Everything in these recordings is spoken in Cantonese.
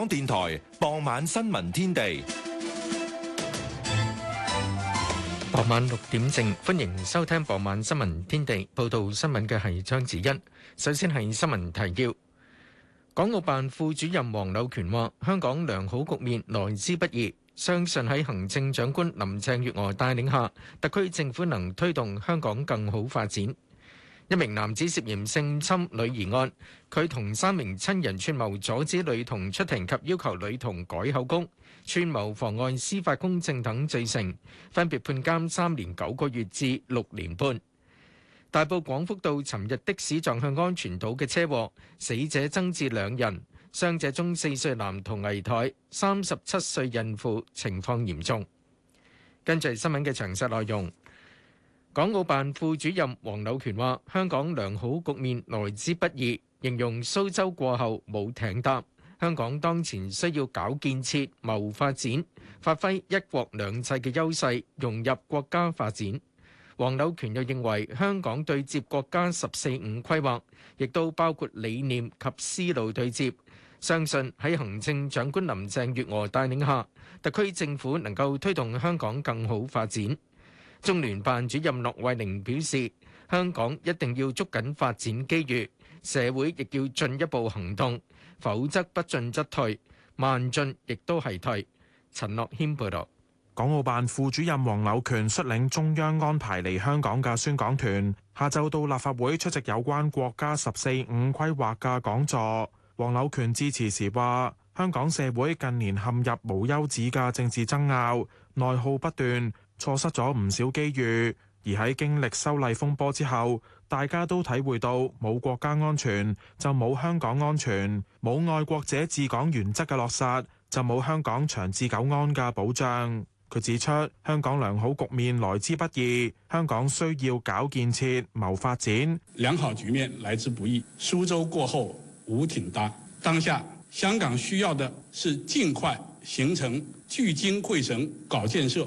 港電台傍晚新聞天地，傍晚六點正，歡迎收聽傍晚新聞天地。報道新聞嘅係張子欣。首先係新聞提要。港澳辦副主任黃柳權話，香港良好局面來之不易，相信喺行政長官林鄭月娥帶領下，特區政府能推動香港更好發展。一名男子涉嫌性侵女兒案，佢同三名親人串謀阻止女童出庭及要求女童改口供，串謀妨礙司法公正等罪成，分別判監三年九個月至六年半。大埔廣福道尋日的士撞向安全島嘅車禍，死者增至兩人，傷者中四歲男童危殆，三十七歲孕婦情況嚴重。跟住新聞嘅詳細內容。港澳辦副主任黃柳權話：香港良好局面來之不易，形容蘇州過後冇艇搭。香港當前需要搞建設、謀發展，發揮一國兩制嘅優勢，融入國家發展。黃柳權又認為，香港對接國家十四五規劃，亦都包括理念及思路對接。相信喺行政長官林鄭月娥帶領下，特區政府能夠推動香港更好發展。中聯辦主任駱惠寧表示：香港一定要捉緊發展機遇，社會亦要進一步行動，否則不進則退，慢進亦都係退。陳諾軒報道，港澳辦副主任黃柳權率領中央安排嚟香港嘅宣講團，下晝到立法會出席有關國家十四五規劃嘅講座。黃柳權致辭時話：香港社會近年陷入無休止嘅政治爭拗，內耗不斷。錯失咗唔少機遇，而喺經歷修例風波之後，大家都體會到冇國家安全就冇香港安全，冇愛國者治港原則嘅落實就冇香港長治久安嘅保障。佢指出，香港良好局面來之不易，香港需要搞建設、謀發展。良好局面來之不易，蘇州過後無艇搭，當下香港需要的，是盡快形成聚精會神搞建設。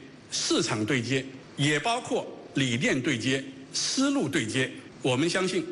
市場對接，也包括理念對接、思路對接。我們相信，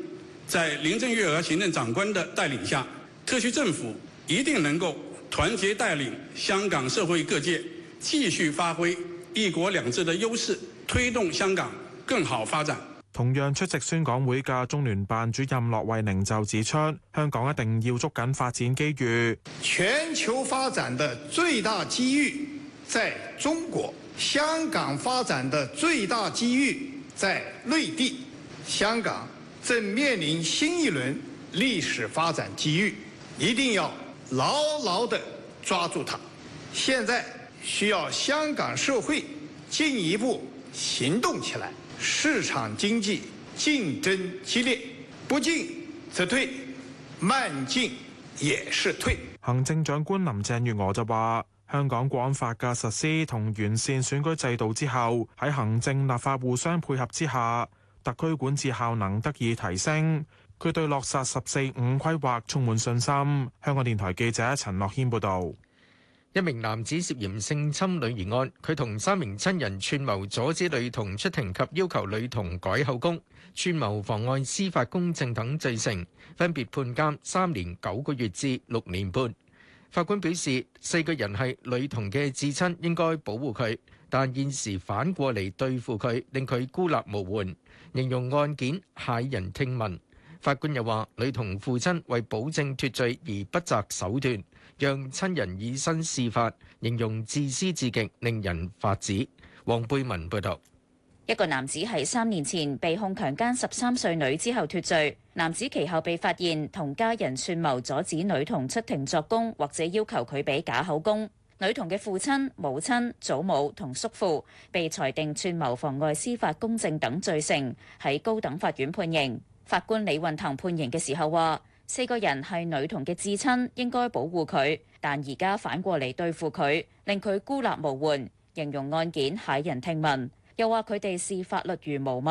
在林鄭月娥行政長官的帶領下，特區政府一定能夠團結帶領香港社會各界，繼續發揮“一國兩制”的優勢，推動香港更好發展。同樣出席宣講會嘅中聯辦主任駱惠寧就指出，香港一定要捉緊發展機遇，全球發展的最大機遇，在中國，香港發展的最大機遇在內地。香港正面臨新一輪歷史發展機遇，一定要牢牢地抓住它。現在需要香港社會進一步行動起來。市場經濟競爭激烈，不進則退，慢進也是退。行政長官林鄭月娥就話：香港《國安法》嘅實施同完善選舉制度之後，喺行政立法互相配合之下，特區管治效能得以提升。佢對落實「十四五」規劃充滿信心。香港電台記者陳樂軒報導：一名男子涉嫌性侵女兒案，佢同三名親人串謀阻止女童出庭及要求女童改口供，串謀妨礙司法公正等罪成，分別判監三年九個月至六年半。法官表示，四個人係女童嘅至親，應該保護佢，但現時反過嚟對付佢，令佢孤立無援，形容案件駭人聽聞。法官又話，女童父親為保證脱罪而不擇手段，讓親人以身試法，形容自私至極，令人髮指。黃貝文報道。一個男子喺三年前被控強姦十三歲女之後脱罪，男子其後被發現同家人串謀阻止女童出庭作供，或者要求佢俾假口供。女童嘅父親、母親、祖母同叔父被裁定串謀妨礙司法公正等罪成，喺高等法院判刑。法官李運騰判刑嘅時候話：四個人係女童嘅至親，應該保護佢，但而家反過嚟對付佢，令佢孤立無援，形容案件駭人聽聞。又話佢哋視法律如無物，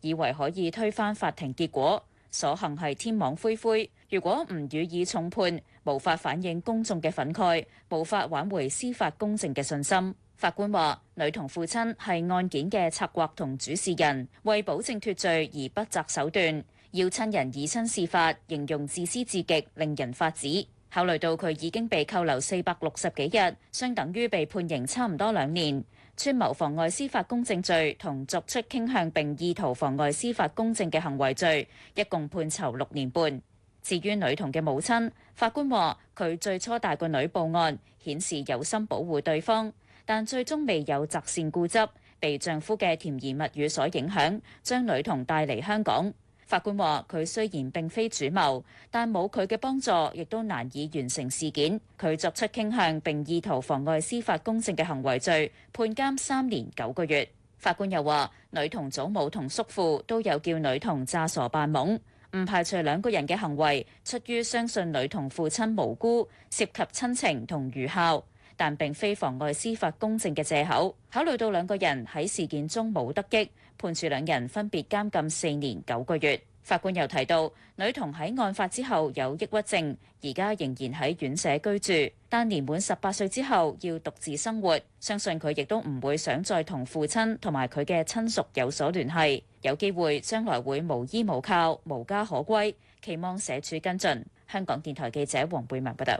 以為可以推翻法庭結果，所幸係天網恢恢。如果唔予以重判，無法反映公眾嘅憤慨，無法挽回司法公正嘅信心。法官話，女童父親係案件嘅策劃同主事人，為保證脫罪而不擇手段，要親人以身試法，形容自私至極，令人髮指。考慮到佢已經被扣留四百六十幾日，相等於被判刑差唔多兩年。串謀妨礙司法公正罪同作出傾向並意圖妨礙司法公正嘅行為罪，一共判囚六年半。至於女童嘅母親，法官話佢最初帶個女報案，顯示有心保護對方，但最終未有擇善固執，被丈夫嘅甜言蜜語所影響，將女童帶嚟香港。法官話：佢雖然並非主謀，但冇佢嘅幫助，亦都難以完成事件。佢作出傾向並意圖妨礙司法公正嘅行為罪，判監三年九個月。法官又話：女童祖母同叔父都有叫女童詐傻扮懵，唔排除兩個人嘅行為出於相信女童父親無辜，涉及親情同愚孝，但並非妨礙司法公正嘅藉口。考慮到兩個人喺事件中冇得益。判處兩人分別監禁四年九個月。法官又提到，女童喺案發之後有抑鬱症，而家仍然喺院舍居住，但年滿十八歲之後要獨自生活。相信佢亦都唔會想再同父親同埋佢嘅親屬有所聯繫，有機會將來會無依無靠、無家可歸。期望社署跟進。香港電台記者黃貝文報道。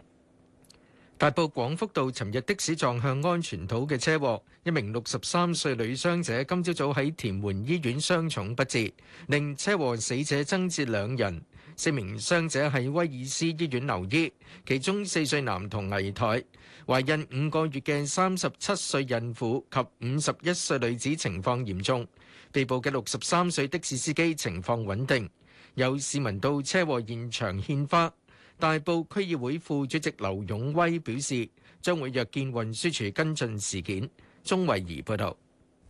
大埔廣福道尋日的士撞向安全島嘅車禍，一名六十三歲女傷者今朝早喺屯門醫院傷重不治，令車禍死者增至兩人。四名傷者喺威爾斯醫院留醫，其中四歲男童危殆，懷孕五個月嘅三十七歲孕婦及五十一歲女子情況嚴重。被捕嘅六十三歲的士司機情況穩定。有市民到車禍現場獻花。大埔區議會副主席劉勇威表示，將會約見運輸署跟進事件。鍾慧儀報導，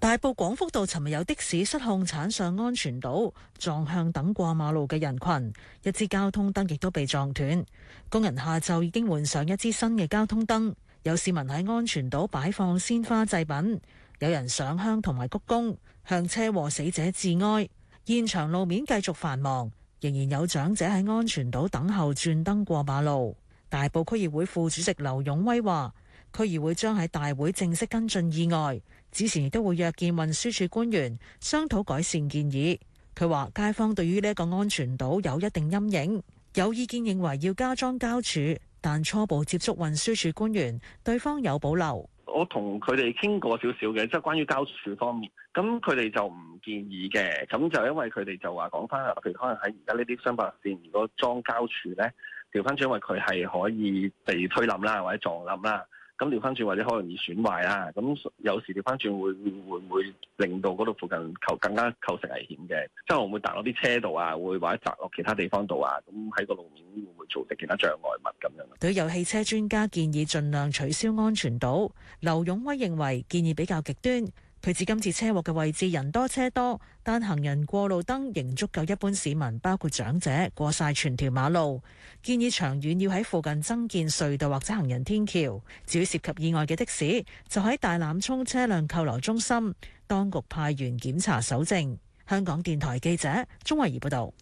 大埔廣福道尋日有的士失控鏟上安全島，撞向等過馬路嘅人群，一支交通燈亦都被撞斷。工人下晝已經換上一支新嘅交通燈。有市民喺安全島擺放鮮花祭品，有人上香同埋鞠躬，向車禍死者致哀。現場路面繼續繁忙。仍然有長者喺安全島等候轉燈過馬路。大埔區議會副主席劉勇威話，區議會將喺大會正式跟進意外，屆時亦都會約見運輸署官員商討改善建議。佢話，街坊對於呢個安全島有一定陰影，有意見認為要加裝膠柱，但初步接觸運輸署官員，對方有保留。我同佢哋傾過少少嘅，即係關於交柱方面，咁佢哋就唔建議嘅，咁就因為佢哋就話講翻，譬如可能喺而家呢啲新柏線，如果裝交柱咧，調翻轉，因為佢係可以被推冧啦，或者撞冧啦。咁掉翻轉或者可能易損壞啦，咁有時掉翻轉會會會會會令到嗰度附近更加構成危險嘅，即係會唔會砸落啲車度啊，會或者砸落其他地方度啊，咁喺個路面會唔會造成其他障礙物咁樣。對，有汽車專家建議盡量取消安全島，劉勇威認為建議比較極端。佢指今次車禍嘅位置，人多車多，但行人過路燈仍足夠一般市民，包括長者過晒全條馬路。建議長遠要喺附近增建隧道或者行人天橋。至於涉及意外嘅的，的士，就喺大欖涌車輛扣留中心，當局派員檢查蒐證。香港電台記者鍾慧儀報導。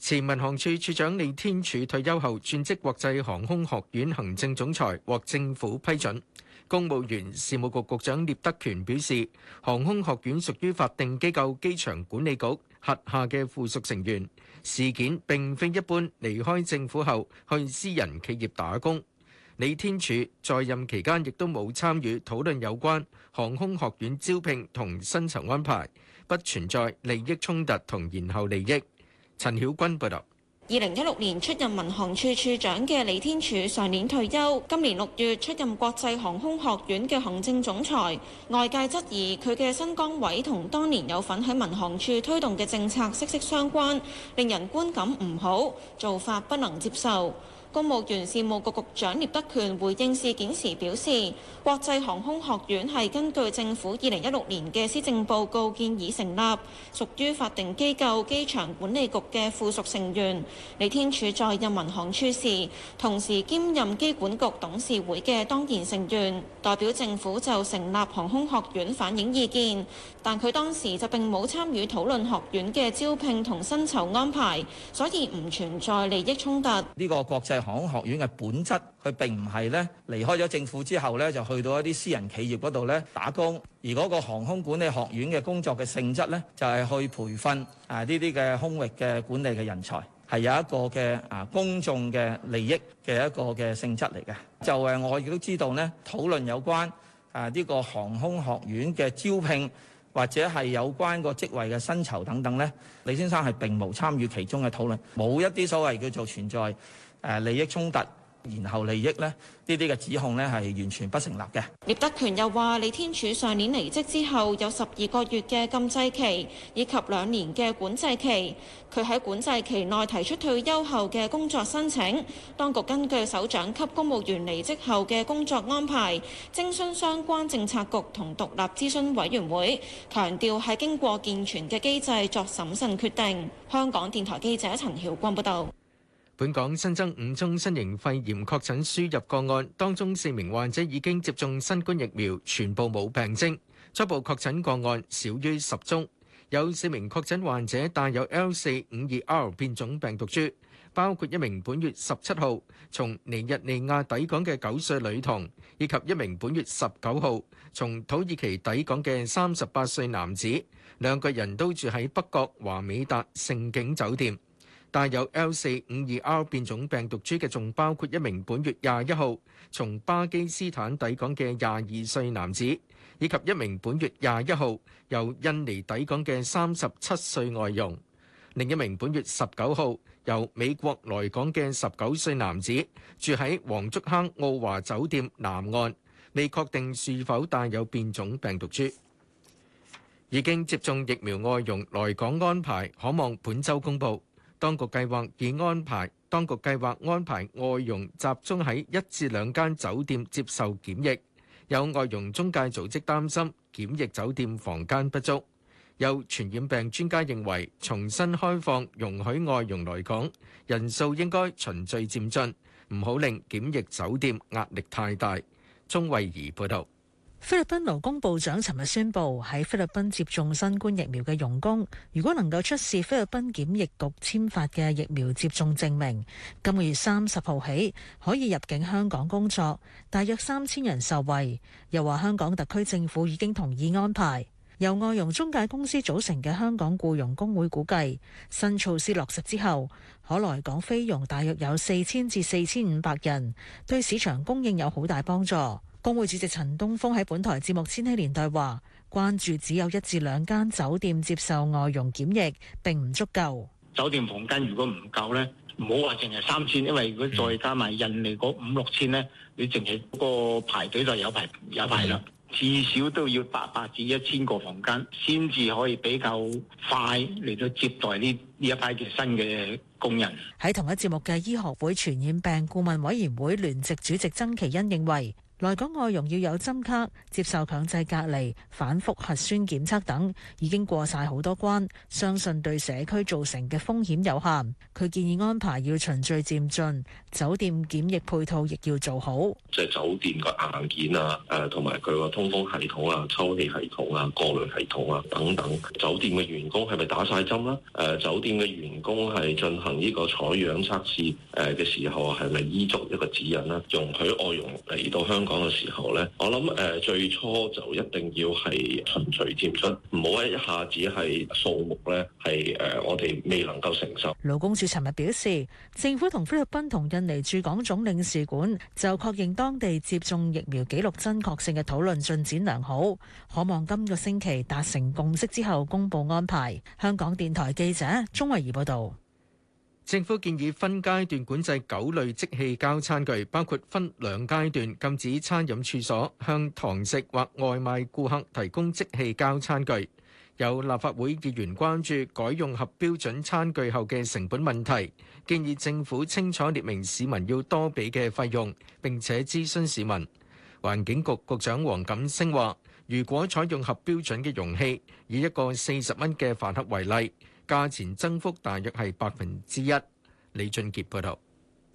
前民航處處長李天柱退休後轉職國際航空學院行政總裁，獲政府批准。公務員事務局局長聶德權表示，航空學院屬於法定機構機場管理局轄下嘅附屬成員。事件並非一般離開政府後去私人企業打工。李天柱在任期間亦都冇參與討論有關航空學院招聘同薪酬安排，不存在利益衝突同延後利益。陳曉君報道。二零一六年出任民航處處長嘅李天柱上年退休，今年六月出任國際航空學院嘅行政總裁。外界質疑佢嘅新崗位同當年有份喺民航處推動嘅政策息息相關，令人觀感唔好，做法不能接受。公務員事務局局長聶德權回應事件時表示，國際航空學院係根據政府二零一六年嘅施政報告建議成立，屬於法定機構機場管理局嘅附屬成員。李天柱在任民航處時，同時兼任機管局董事會嘅當然成員，代表政府就成立航空學院反映意見，但佢當時就並冇參與討論學院嘅招聘同薪酬安排，所以唔存在利益衝突。呢、這個國際航空學院嘅本質，佢並唔係咧離開咗政府之後咧，就去到一啲私人企業嗰度咧打工。而嗰個航空管理學院嘅工作嘅性質咧，就係去培訓啊呢啲嘅空域嘅管理嘅人才，係有一個嘅啊公眾嘅利益嘅一個嘅性質嚟嘅。就誒，我亦都知道咧，討論有關啊呢個航空學院嘅招聘或者係有關個職位嘅薪酬等等咧，李先生係並無參與其中嘅討論，冇一啲所謂叫做存在。誒利益衝突，然後利益呢？呢啲嘅指控呢，係完全不成立嘅。聶德權又話：李天柱上年離職之後，有十二個月嘅禁制期，以及兩年嘅管制期。佢喺管制期內提出退休後嘅工作申請，當局根據首長級公務員離職後嘅工作安排，徵詢相關政策局同獨立諮詢委員會，強調係經過健全嘅機制作審慎決定。香港電台記者陳曉光報道。本港新增五宗新型肺炎確診輸入個案，當中四名患者已經接種新冠疫苗，全部冇病徵。初步確診個案少於十宗，有四名確診患者帶有 L 四五二 R 變種病毒株，包括一名本月十七號從尼日利亞抵港嘅九歲女童，以及一名本月十九號從土耳其抵港嘅三十八歲男子，兩個人都住喺北角華美達盛景酒店。帶有 L 四五二 R 變種病毒株嘅，仲包括一名本月廿一號從巴基斯坦抵港嘅廿二歲男子，以及一名本月廿一號由印尼抵港嘅三十七歲外傭，另一名本月十九號由美國來港嘅十九歲男子，住喺黃竹坑奧華酒店南岸，未確定是否帶有變種病毒株，已經接種疫苗。外傭來港安排，可望本周公布。當局計劃已安排，當局計劃安排外傭集中喺一至兩間酒店接受檢疫。有外傭中介組織擔心檢疫酒店房間不足。有傳染病專家認為，重新開放容許外傭來港，人數應該循序漸進，唔好令檢疫酒店壓力太大。鍾慧儀報道。菲律賓勞工部長尋日宣布，喺菲律賓接種新冠疫苗嘅傭工，如果能夠出示菲律賓檢疫局簽發嘅疫苗接種證明，今個月三十號起可以入境香港工作，大約三千人受惠。又話香港特區政府已經同意安排由外傭中介公司組成嘅香港僱傭工會估計，新措施落實之後，可來港菲傭大約有四千至四千五百人，對市場供應有好大幫助。工會主席陳東峰喺本台節目《千禧年代》話：，關注只有一至兩間酒店接受外傭檢疫，並唔足夠。酒店房間如果唔夠呢唔好話淨係三千，嗯、3, 000, 因為如果再加埋印尼嗰五六千呢你淨係嗰個排隊就有排有排啦、嗯。至少都要八百至一千個房間，先至可以比較快嚟到接待呢呢一批嘅新嘅工人。喺同一節目嘅醫學會傳染病顧問委員會聯席主席曾奇恩認為。來港外傭要有針卡、接受強制隔離、反覆核酸檢測等，已經過晒好多關，相信對社區造成嘅風險有限。佢建議安排要循序漸進，酒店檢疫配套亦要做好。即係酒店嘅硬件啊，誒同埋佢個通風系統啊、抽氣系統啊、過濾系統啊等等。酒店嘅員工係咪打晒針啦？誒，酒店嘅員工係進行呢個採樣測試誒嘅時候係咪依足一個指引啦？容許外傭嚟到香港，嗰個時候呢我諗最初就一定要係循序漸進，唔好一下子係數目呢係我哋未能夠承受。勞工處尋日表示，政府同菲律賓同印尼駐港總領事館就確認當地接種疫苗記錄真確性嘅討論進展良好，可望今個星期達成共識之後公佈安排。香港電台記者鍾慧儀報道。政府建議分階段管制九類即棄膠餐具，包括分兩階段禁止餐飲處所向堂食或外賣顧客提供即棄膠餐具。有立法會議員關注改用合標準餐具後嘅成本問題，建議政府清楚列明市民要多俾嘅費用，並且諮詢市民。環境局局長黃錦星話，如果採用合標準嘅容器，以一個四十蚊嘅飯盒為例，價錢增幅大約係百分之一。李俊傑報道，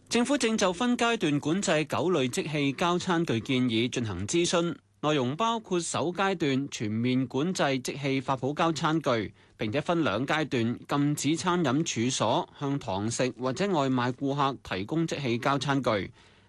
政府正就分階段管制九類即棄膠餐具建議進行諮詢，內容包括首階段全面管制即棄發泡膠餐具，並且分兩階段禁止餐飲處所向堂食或者外賣顧客提供即棄膠餐具。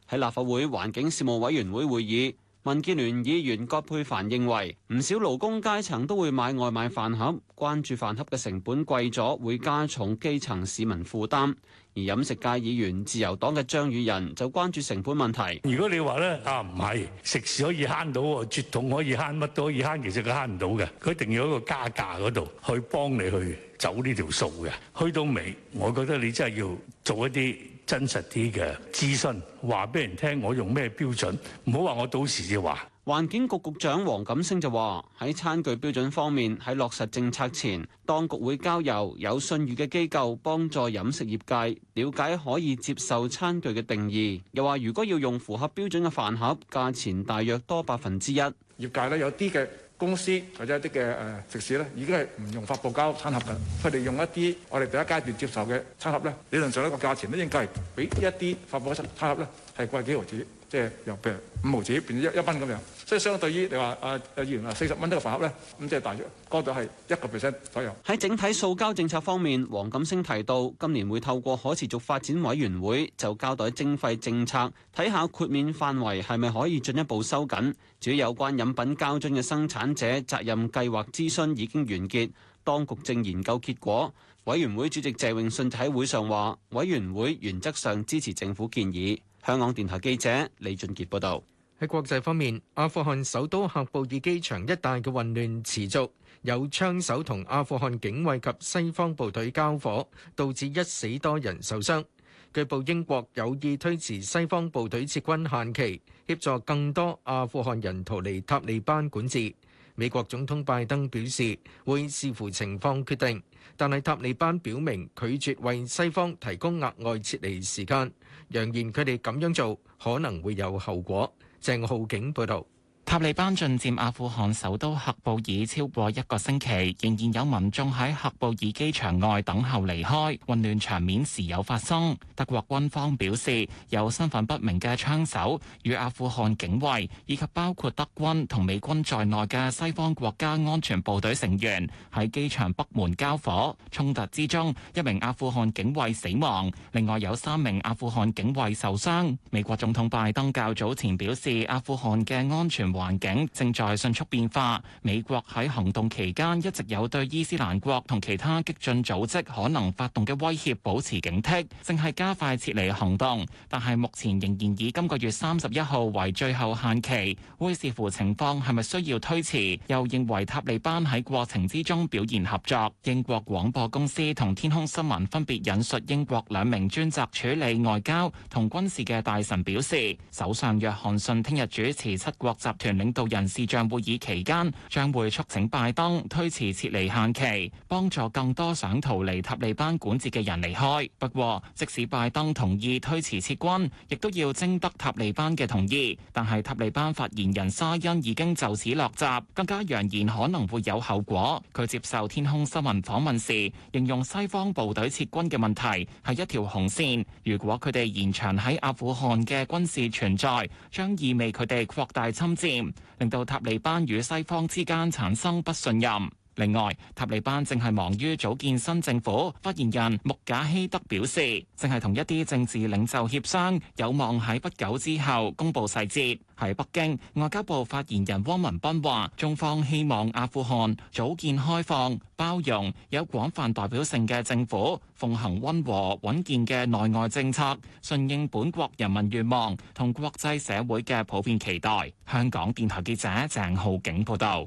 喺立法會環境事務委員會會議。民建聯議員葛珮帆認為，唔少勞工階層都會買外賣飯盒，關注飯盒嘅成本貴咗，會加重基層市民負擔。而飲食界議員、自由黨嘅張宇人就關注成本問題。如果你話咧啊唔係食肆可以慳到，絕統可以慳，乜都可以慳，其實佢慳唔到嘅，佢一定要喺個加價嗰度去幫你去走呢條數嘅。去到尾，我覺得你真係要做一啲。真實啲嘅資訊話俾人聽，我用咩標準？唔好話我到時就話。環境局局長黃錦星就話：喺餐具標準方面，喺落實政策前，當局會交由有信譽嘅機構幫助飲食業界了解可以接受餐具嘅定義。又話如果要用符合標準嘅飯盒，價錢大約多百分之一。業界咧有啲嘅。公司或者一啲嘅誒，食肆咧，已經係唔用發泡膠餐盒噶，佢哋用一啲我哋第一階段接受嘅餐盒咧，理論上一個價錢咧應該係比一啲發布嘅餐盒咧係貴幾毫紙，即係由譬如五毫紙變咗一一蚊咁樣。即係相對於你話啊，議員啊，四十蚊一個飯盒咧，咁即係大約高度係一個 percent 左右。喺整體塑膠政策方面，黃錦星提到，今年會透過可持續發展委員會就交代徵費政策，睇下豁免範圍係咪可以進一步收緊。至於有關飲品膠樽嘅生產者責任計劃諮詢已經完結，當局正研究結果。委員會主席謝永信就喺會上話，委員會原則上支持政府建議。香港電台記者李俊傑報道。喺國際方面，阿富汗首都喀布爾機場一帶嘅混亂持續，有槍手同阿富汗警衛及西方部隊交火，導致一死多人受傷。據報英國有意推遲西方部隊撤軍限期，協助更多阿富汗人逃離塔利班管治。美國總統拜登表示會視乎情況決定，但係塔利班表明拒絕為西方提供額外撤離時間，揚言佢哋咁樣做可能會有後果。鄭浩景報道。塔利班進佔阿富汗首都喀布爾超過一個星期，仍然有民眾喺喀布爾機場外等候離開，混亂場面時有發生。德國軍方表示，有身份不明嘅槍手與阿富汗警衛以及包括德軍同美軍在內嘅西方國家安全部隊成員喺機場北門交火，衝突之中一名阿富汗警衛死亡，另外有三名阿富汗警衛受傷。美國總統拜登較早前表示，阿富汗嘅安全環境正在迅速變化，美國喺行動期間一直有對伊斯蘭國同其他激進組織可能發動嘅威脅保持警惕，正係加快撤離行動，但係目前仍然以今個月三十一號為最後限期，會視乎情況係咪需要推遲。又認為塔利班喺過程之中表現合作。英國廣播公司同天空新聞分別引述英國兩名專責處理外交同軍事嘅大臣表示，首相約翰遜聽日主持七國集團。領導人視像會議期間，將會促請拜登推遲撤離限期，幫助更多想逃離塔利班管治嘅人離開。不過，即使拜登同意推遲撤軍，亦都要徵得塔利班嘅同意。但係塔利班發言人沙欣已經就此落閘，更加揚言可能會有後果。佢接受天空新聞訪問時，形容西方部隊撤軍嘅問題係一條紅線，如果佢哋延長喺阿富汗嘅軍事存在，將意味佢哋擴大侵占。令到塔利班與西方之間產生不信任。另外，塔利班正係忙於組建新政府。發言人穆賈希德表示，正係同一啲政治領袖協商，有望喺不久之後公佈細節。喺北京，外交部發言人汪文斌話中方希望阿富汗組建開放、包容、有廣泛代表性嘅政府，奉行温和、穩健嘅內外政策，順應本國人民願望同國際社會嘅普遍期待。香港電台記者鄭浩景報道。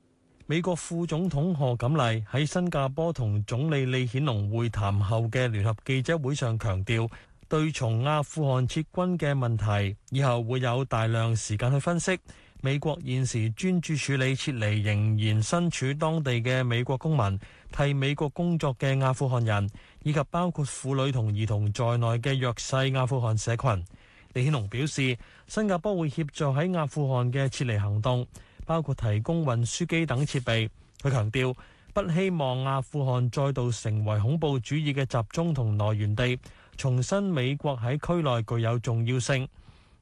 美國副總統賀錦麗喺新加坡同總理李顯龍會談後嘅聯合記者會上強調，對從阿富汗撤軍嘅問題，以後會有大量時間去分析。美國現時專注處理撤離仍然身處當地嘅美國公民、替美國工作嘅阿富汗人，以及包括婦女同兒童在內嘅弱勢阿富汗社群。李顯龍表示，新加坡會協助喺阿富汗嘅撤離行動。包括提供運輸機等設備。佢強調，不希望阿富汗再度成為恐怖主義嘅集中同來源地，重申美國喺區內具有重要性。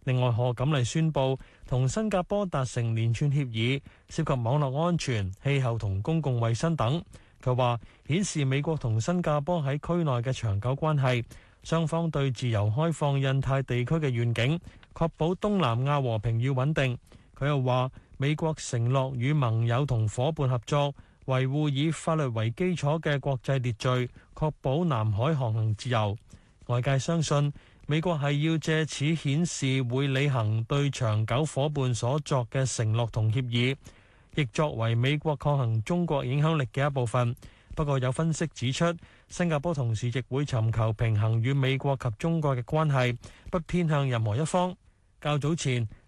另外，何錦麗宣佈同新加坡達成連串協議，涉及網絡安全、氣候同公共衛生等。佢話顯示美國同新加坡喺區內嘅長久關係，雙方對自由開放印太地區嘅願景，確保東南亞和平與穩定。佢又話，美國承諾與盟友同夥伴合作，維護以法律為基礎嘅國際秩序，確保南海航行自由。外界相信美國係要藉此顯示會履行對長久夥伴所作嘅承諾同協議，亦作為美國抗衡中國影響力嘅一部分。不過有分析指出，新加坡同時亦會尋求平衡與美國及中國嘅關係，不偏向任何一方。較早前，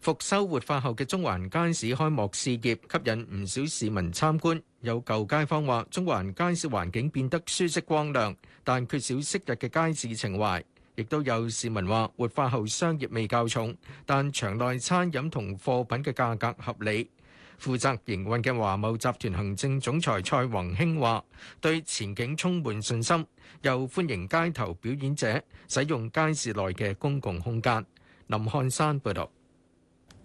復修活化後嘅中環街市開幕試業，吸引唔少市民參觀。有舊街坊話：中環街市環境變得舒適光亮，但缺少昔日嘅街市情懷。亦都有市民話活化後商業味較重，但場內餐飲同貨品嘅價格合理。負責營運嘅華懋集團行政總裁蔡宏興話：對前景充滿信心，又歡迎街頭表演者使用街市內嘅公共空間。林漢山報導。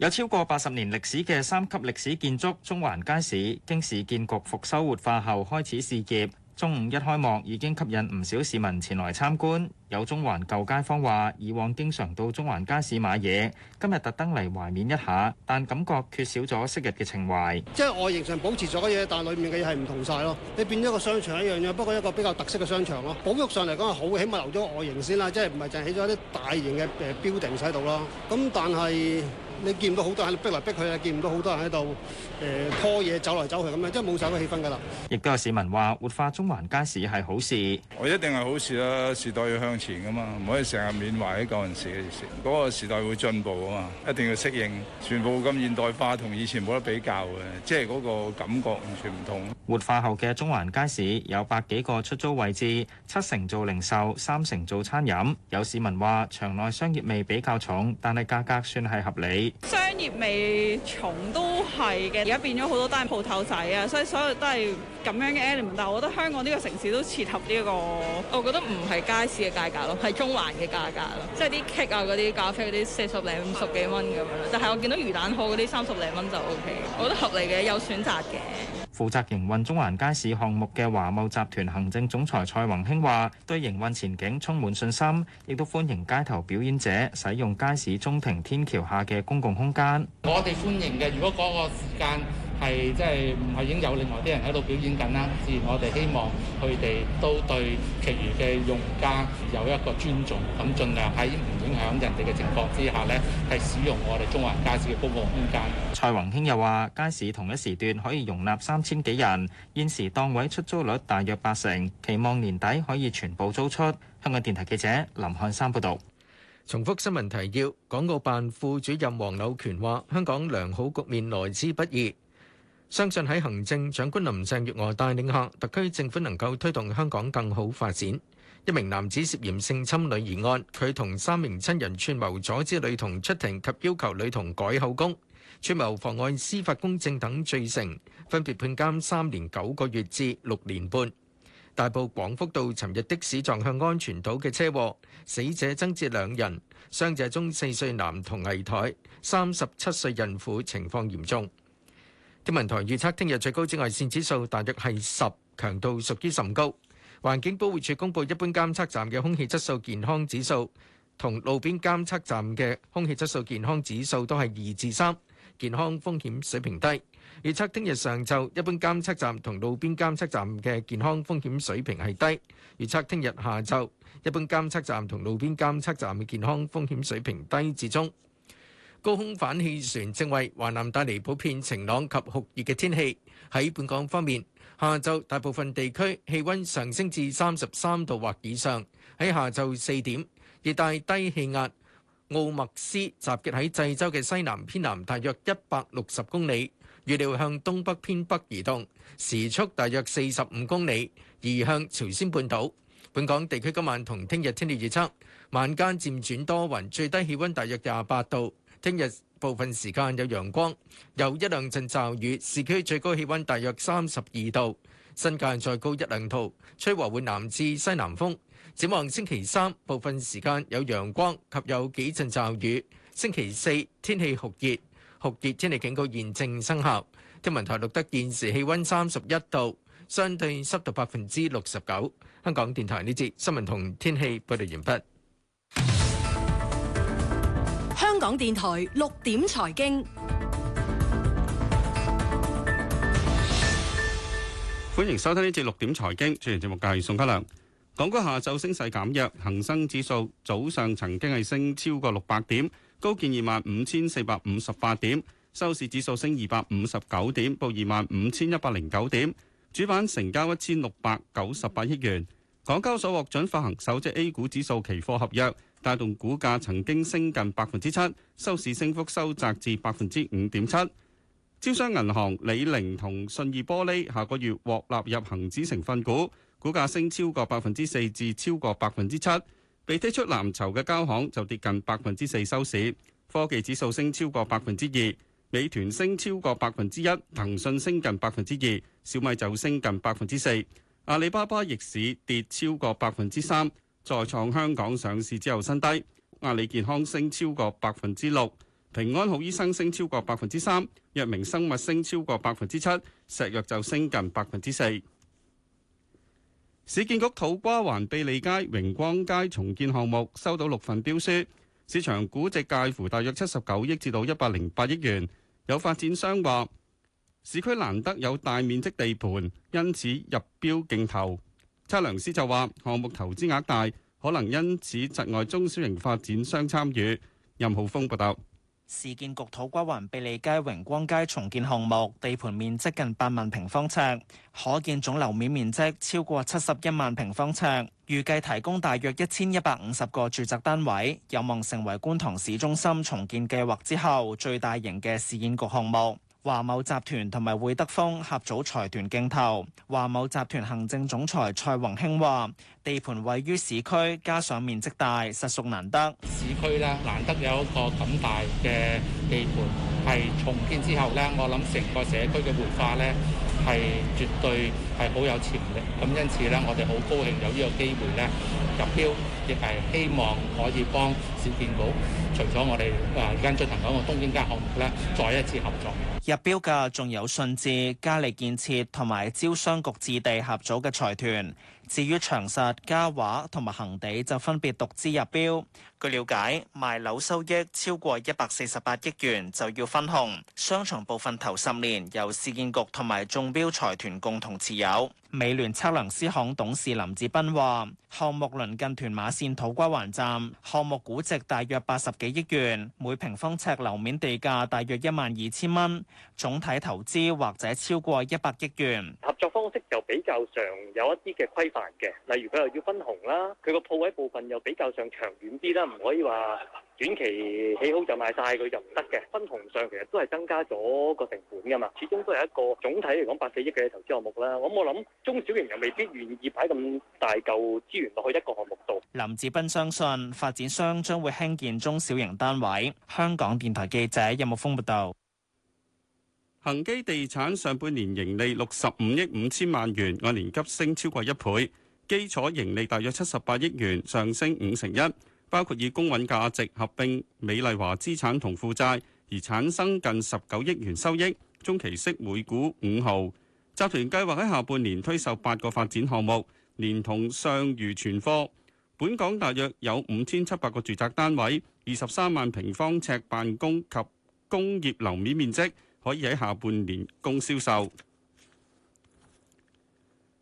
有超過八十年歷史嘅三級歷史建築中環街市，經市建局復修活化後開始試業。中午一開幕，已經吸引唔少市民前來參觀。有中環舊街坊話，以往經常到中環街市買嘢，今日特登嚟懷緬一下，但感覺缺少咗昔日嘅情懷。即係外形上保持咗嘢，但裏面嘅嘢係唔同晒咯。你變咗個商場一樣樣，不過一個比較特色嘅商場咯。保育上嚟講，係好起碼留咗外形先啦，即係唔係淨係起咗一啲大型嘅誒標定喺度咯。咁但係。你見唔到好多人喺度逼來逼去啊！見唔到好多人喺度誒拖嘢走來走去咁樣，即係冇晒個氣氛㗎啦。亦都有市民話活化中環街市係好事，我一定係好事啦，啊！時代要向前㗎嘛，唔可以成日緬懷喺舊陣時嘅事。嗰、嗰個時代會進步啊嘛，一定要適應，全部咁現代化，同以前冇得比較嘅，即係嗰個感覺完全唔同。活化後嘅中環街市有百幾個出租位置，七成做零售，三成做餐飲。有市民話場內商業味比較重，但係價格算係合理。商業味重都係嘅，而家變咗好多單鋪頭仔啊，所以所有都係咁樣嘅 element。但係我覺得香港呢個城市都切合呢個，我覺得唔係街市嘅價格咯，係中環嘅價格咯，即係啲 cake 啊、啲咖啡嗰啲四十零五十幾蚊咁樣。但係我見到魚蛋鋪嗰啲三十零蚊就 OK，我覺得合理嘅，有選擇嘅。負責營運中環街市項目嘅華茂集團行政總裁蔡宏興話，對營運前景充滿信心，亦都歡迎街頭表演者使用街市中庭天橋下嘅公共空間。我哋歡迎嘅，如果嗰個時間。係，即係唔係已經有另外啲人喺度表演緊啦？自然，我哋希望佢哋都對其餘嘅用家有一個尊重，咁盡量喺唔影響人哋嘅情況之下咧，係使用我哋中環街市嘅公共空間。蔡宏興又話：街市同一時段可以容納三千幾人，現時檔位出租率大約八成，期望年底可以全部租出。香港電台記者林漢山報導。重複新聞提要：港澳辦副主任黃柳權話，香港良好局面來之不易。相信喺行政長官林鄭月娥帶領下，特區政府能夠推動香港更好發展。一名男子涉嫌性侵女兒案，佢同三名親人串謀阻止女童出庭及要求女童改口供，串謀妨礙司法公正等罪成，分別判監三年九個月至六年半。大埔廣福道尋日的士撞向安全島嘅車禍，死者增至兩人，傷者中四歲男童危殆，三十七歲孕婦情況嚴重。天文台預測聽日最高紫外線指數大約係十，強度屬於甚高。環境保護署公佈一般監測站嘅空氣質素健康指數，同路邊監測站嘅空氣質素健康指數都係二至三，健康風險水平低。預測聽日上晝，一般監測站同路邊監測站嘅健康風險水平係低。預測聽日下晝，一般監測站同路邊監測站嘅健康風險水平低至中。高空反氣旋正為華南帶嚟普遍晴朗及酷熱嘅天氣。喺本港方面，下晝大部分地區氣温上升至三十三度或以上。喺下晝四點，熱帶低氣壓奧麥斯集結喺濟州嘅西南偏南，大約一百六十公里，預料向東北偏北移動，時速大約四十五公里，移向朝鮮半島。本港地區今晚同聽日天氣預測，晚間漸轉多雲，最低氣温大約廿八度。聽日部分時間有陽光，有一兩陣驟雨，市區最高氣温大約三十二度，新界再高一兩度，吹和緩南至西南風。展望星期三，部分時間有陽光及有幾陣驟雨。星期四天氣酷熱，酷熱天氣警告現正生效。天文台錄得現時氣温三十一度，相對濕度百分之六十九。香港電台呢節新聞同天氣報道完畢。港電台六點財經，歡迎收聽呢節六點財經。主持節目嘅係宋嘉良。港股下晝升勢減弱，恒生指數早上曾經係升超過六百點，高見二萬五千四百五十八點，收市指數升二百五十九點，報二萬五千一百零九點。主板成交一千六百九十八億元。港交所，獲准發行首隻 A 股指數期貨合約。帶動股價曾經升近百分之七，收市升幅收窄至百分之五點七。招商銀行、李寧同信義玻璃下個月獲納入恒指成分股，股價升超過百分之四至超過百分之七。被剔出藍籌嘅交行就跌近百分之四收市。科技指數升超過百分之二，美團升超過百分之一，騰訊升近百分之二，小米就升近百分之四，阿里巴巴逆市跌超過百分之三。再創香港上市之後新低。阿里健康升超過百分之六，平安好醫生升超過百分之三，藥明生物升超過百分之七，石藥就升近百分之四。市建局土瓜灣庇利街榮光街重建項目收到六份標書，市場估值介乎大約七十九億至到一百零八億元。有發展商話，市區難得有大面積地盤，因此入標競投。測量師就話：項目投資額大，可能因此窒礙中小型發展商參與。任浩峰報道，市建局土瓜灣庇利街榮光街重建項目，地盤面積近八萬平方尺，可建總樓面面積超過七十一萬平方尺，預計提供大約一千一百五十個住宅單位，有望成為觀塘市中心重建計劃之後最大型嘅市建局項目。華茂集團同埋會德豐合組財團競投。華茂集團行政總裁蔡宏興話：地盤位於市區，加上面積大，實屬難得。市區呢，難得有一個咁大嘅地盤，係重建之後呢，我諗成個社區嘅活化呢。係絕對係好有潛力，咁因此呢，我哋好高興有呢個機會呢入標，亦係希望可以幫小建局，除咗我哋誒而家進行嗰個東京街項目呢，再一次合作。入標嘅仲有信置、嘉利建設同埋招商局置地合組嘅財團。至於長實、嘉華同埋恆地就分別獨資入標。據了解，賣樓收益超過一百四十八億元就要分紅。商場部分頭十年，由市建局同埋中標財團共同持有。美聯測量師行董事林志斌話，項目鄰近屯馬綫土瓜灣站，項目估值大約八十幾億元，每平方尺樓面地價大約一萬二千蚊，總體投資或者超過一百億元。合作方式就比較上有一啲嘅規範嘅，例如佢又要分紅啦，佢個鋪位部分又比較上長遠啲啦。唔可以話短期起好就賣曬佢就唔得嘅。分紅上其實都係增加咗個成本㗎嘛，始終都係一個總體嚟講百四億嘅投資項目啦。咁我諗中小型又未必願意擺咁大嚿資源落去一個項目度。林志斌相信發展商將會興建中小型單位。香港電台記者任木峰報導。恆基地產上半年盈利六十五億五千萬元，按年急升超過一倍，基礎盈利大約七十八億元，上升五成一。包括以公允價值合併美麗華資產同負債，而產生近十九億元收益，中期息每股五毫。集團計劃喺下半年推售八個發展項目，連同上餘存貨。本港大約有五千七百個住宅單位、二十三萬平方尺辦公及工業樓面面積，可以喺下半年供銷售。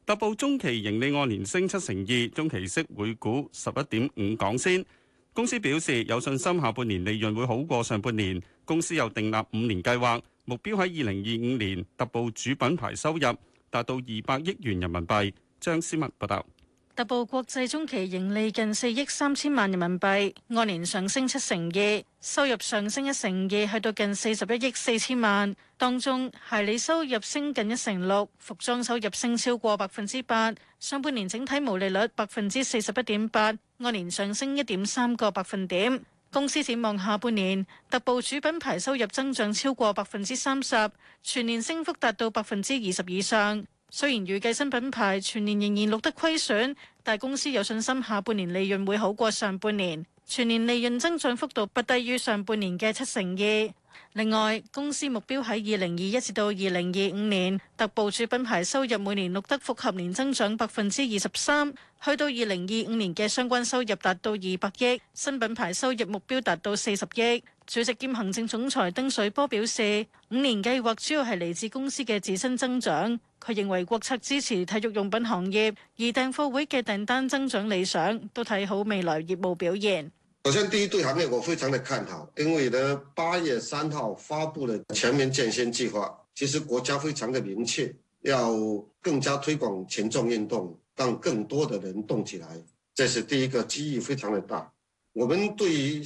特步中期盈利按年升七成二，中期息每股十一點五港仙。公司表示有信心下半年利潤會好過上半年。公司又訂立五年計劃，目標喺二零二五年突破主品牌收入達到二百億元人民幣，張思密報道。特步國際中期盈利近四億三千萬人民幣，按年上升七成二，收入上升一成二，去到近四十一億四千萬。當中鞋履收入升近一成六，服裝收入升超過百分之八。上半年整體毛利率百分之四十一點八，按年上升一點三個百分點。公司展望下半年，特步主品牌收入增長超過百分之三十，全年升幅達到百分之二十以上。雖然預計新品牌全年仍然錄得虧損，但公司有信心下半年利潤會好過上半年，全年利潤增長幅度不低於上半年嘅七成二。另外，公司目標喺二零二一至到二零二五年，特步主品牌收入每年錄得複合年增長百分之二十三，去到二零二五年嘅相關收入達到二百億，新品牌收入目標達到四十億。主席兼行政總裁丁水波表示，五年計劃主要係嚟自公司嘅自身增長。佢認為國策支持體育用品行業，而訂貨會嘅訂單增長理想，都睇好未來業務表現。首先，第一對行業我非常的看好，因為呢八月三號發布了全民健身計劃，其實國家非常的明確，要更加推廣群眾運動，讓更多的人動起來。這是第一個機遇非常的大。我們對於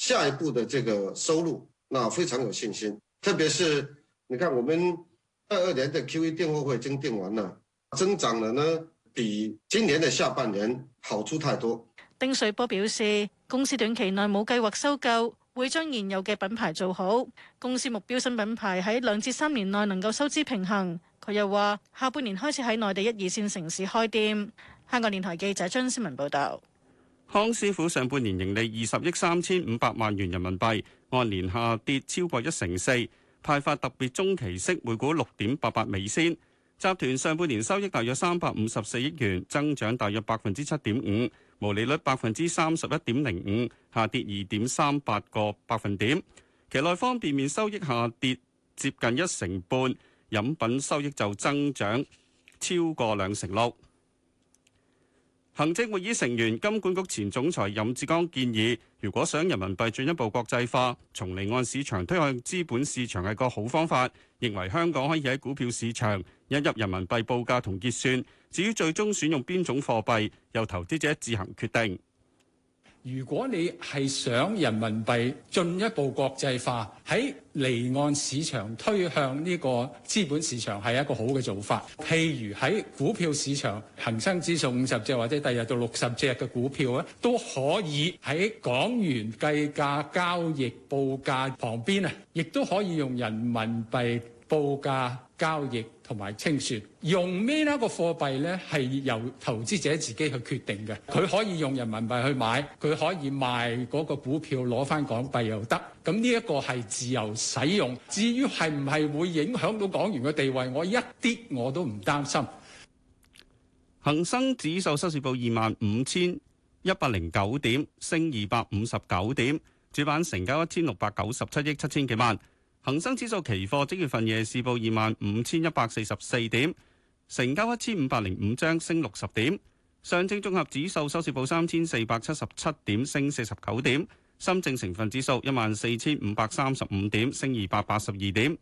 下一步的這個收入，那非常有信心。特別是，你看我們二二年的 Q 一訂貨會已經訂完了，增長了呢，比今年的下半年好出太多。丁瑞波表示，公司短期內冇計劃收購，會將現有嘅品牌做好。公司目標新品牌喺兩至三年內能夠收支平衡。佢又話，下半年開始喺內地一二線城市開店。香港電台記者張思文報道。康師傅上半年盈利二十億三千五百萬元人民幣，按年下跌超過一成四，派發特別中期息每股六點八八美仙。集團上半年收益大約三百五十四億元，增長大約百分之七點五，毛利率百分之三十一點零五，下跌二點三八個百分點。期內方便麵收益下跌接近一成半，飲品收益就增長超過兩成六。行政會議成員金管局前總裁任志剛建議，如果想人民幣進一步國際化，從離岸市場推向資本市場係個好方法。認為香港可以喺股票市場引入人民幣報價同結算，至於最終選用邊種貨幣，由投資者自行決定。如果你係想人民幣進一步國際化，喺離岸市場推向呢個資本市場係一個好嘅做法。譬如喺股票市場，恒生指數五十隻或者第日到六十隻嘅股票，都可以喺港元計價交易報價旁邊啊，亦都可以用人民幣。報價交易同埋清算，用咩呢個貨幣呢？係由投資者自己去決定嘅。佢可以用人民幣去買，佢可以賣嗰個股票攞翻港幣又得。咁呢一個係自由使用。至於係唔係會影響到港元嘅地位，我一啲我都唔擔心。恒生指數收市報二萬五千一百零九點，升二百五十九點。主板成交一千六百九十七億七千幾萬。恒生指數期貨即月份夜市報二萬五千一百四十四點，成交一千五百零五張，升六十點。上證綜合指數收市報三千四百七十七點，升四十九點。深證成分指數一萬四千五百三十五點，升二百八十二點。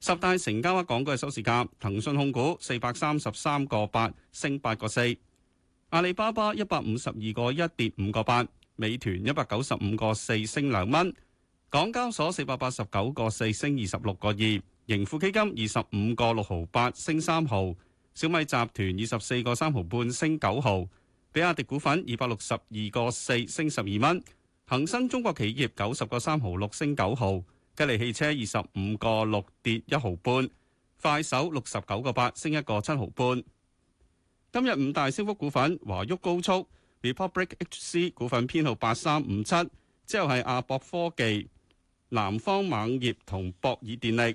十大成交額港股嘅收市價，騰訊控股四百三十三個八，升八個四。阿里巴巴一百五十二個一，跌五個八。美團一百九十五個四，升兩蚊。港交所四百八十九個四升二十六個二，盈富基金二十五個六毫八升三毫，小米集團二十四個三毫半升九毫，比亞迪股份二百六十二個四升十二蚊，恒生中國企業九十個三毫六升九毫，吉利汽車二十五個六跌一毫半，快手六十九個八升一個七毫半。今日五大升幅股份，華旭高速 Republic H C 股份編號八三五七，之後係亞博科技。南方猛業同博爾電力。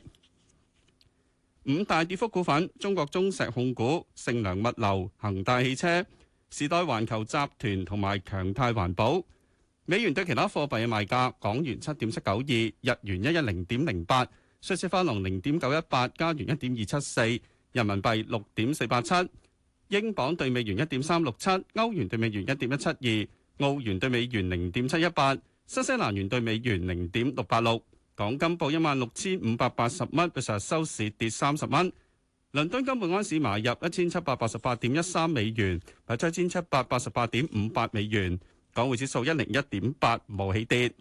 五大跌幅股份：中國中石控股、盛良物流、恒大汽車、時代環球集團同埋強泰環保。美元兌其他貨幣嘅賣價：港元七點七九二，日元一一零點零八，瑞士法郎零點九一八，加元一點二七四，人民幣六點四八七，英鎊兌美元一點三六七，歐元兌美元一點一七二，澳元兌美元零點七一八。新西蘭元兌美元零點六八六，港金報一萬六千五百八十蚊，比上日收市跌三十蚊。倫敦金本安市買入一千七百八十八點一三美元，賣出一千七百八十八點五八美元。港匯指數一零一點八，冇起跌。